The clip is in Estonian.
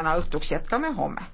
täna õhtuks jätkame homme.